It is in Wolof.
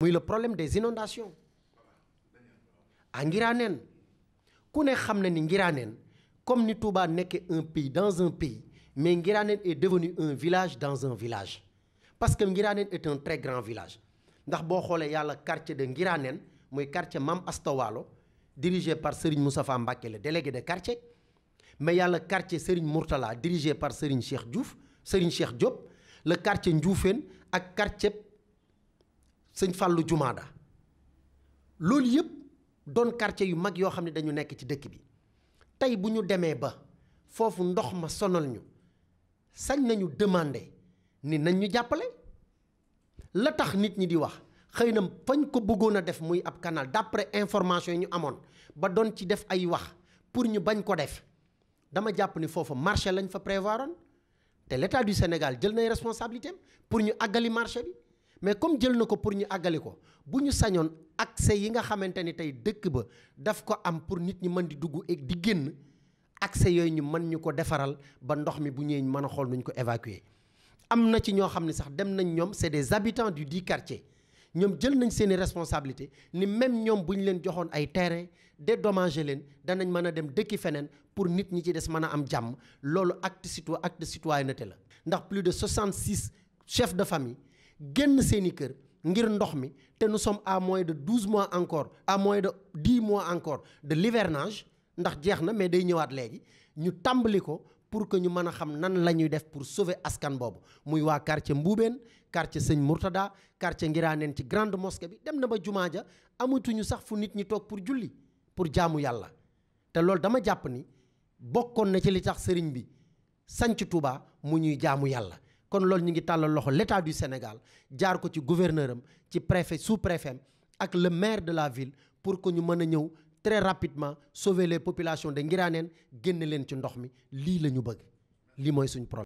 muy le problème des inondations à Ngiraneen ku ne xam na ni Ngiraneen comme ni Touba nekkee un pays dans un pays mais Ngiraneen est devenu un village dans un village parce que Ngiraneen est un très grand village ndax boo xoolee yàlla quartier de Ngiraneen muy quartier Mam Astawalo dirigé par Serigne Moustapha Mbacké le délégué de quartier mais yàlla quartier Serigne Mourtala dirigé par Serigne Cheikh Diouf Serigne Cheikh Diop le quartier Ndioufène ak quartier sëñ Fallou Jumaada loolu yëpp doon quartier yu mag yoo xam ne dañu nekk ci dëkk bi tey bu ñu demee ba foofu ndox ma sonal ñu sañ nañu demande ni nañ ñu jàppale la tax nit ñi di wax xëy na fañ ko bëggoon a def muy ab canal d'après information yi ñu amoon ba doon ci def ay wax pour ñu bañ ko def dama jàpp ni foofu marché lañ fa prévoiroon te l'état du Sénégal jël nay responsabilité pour ñu àggali marché bi mais comme jël na ko pour ñu àggali ko bu ñu sañoon accès yi nga xamante ni tey dëkk ba daf ko am pour nit ñi mën di dugg ak di génn accès yooyu ñu mën ñu ko defaral ba ndox mi bu ñëwee ñu mën a xool nuñ ko évacuer. am na ci ñoo xam ne sax dem nañ ñoom c'est des habitants du di quartier ñoom jël nañ seeni responsabilité ni même ñoom bu ñu leen joxoon ay terrain dédommager leen danañ mën a dem dëkki feneen pour nit ñi ci des mën a am jàmm loolu acte citoyen acte de citoyenneté la ndax plus de 66 chefs de famille. génn seeni kër ngir ndox mi te nous sommes à moins de douze mois encore à de dix mois encore de livernage ndax jeex na mais day ñëwaat léegi ñu tàmbali ko pour que ñu mën a xam nan la ñuy def pour sauver askan boobu muy waa quartier Mboubeen quartier Sëñ Mourtada quartier Ngiraaneen ci grande mosquée bi dem na ba jumaa ja amatuñu sax fu nit ñi toog pour julli pour jaamu yàlla te loolu dama jàpp ni bokkoon na ci li tax sëriñ bi sañc Touba mu ñuy jaamu yàlla kon loolu ñu ngi tàllal loxo l'état du Sénégal jaar ko ci gouverneur am ci préfet sous préfet ak le maire de la ville pour que ñu mën a ñëw très rapidement sauver les populations de Nguiranéne génne leen ci ndox mi lii la ñu bëgg lii mooy suñu problème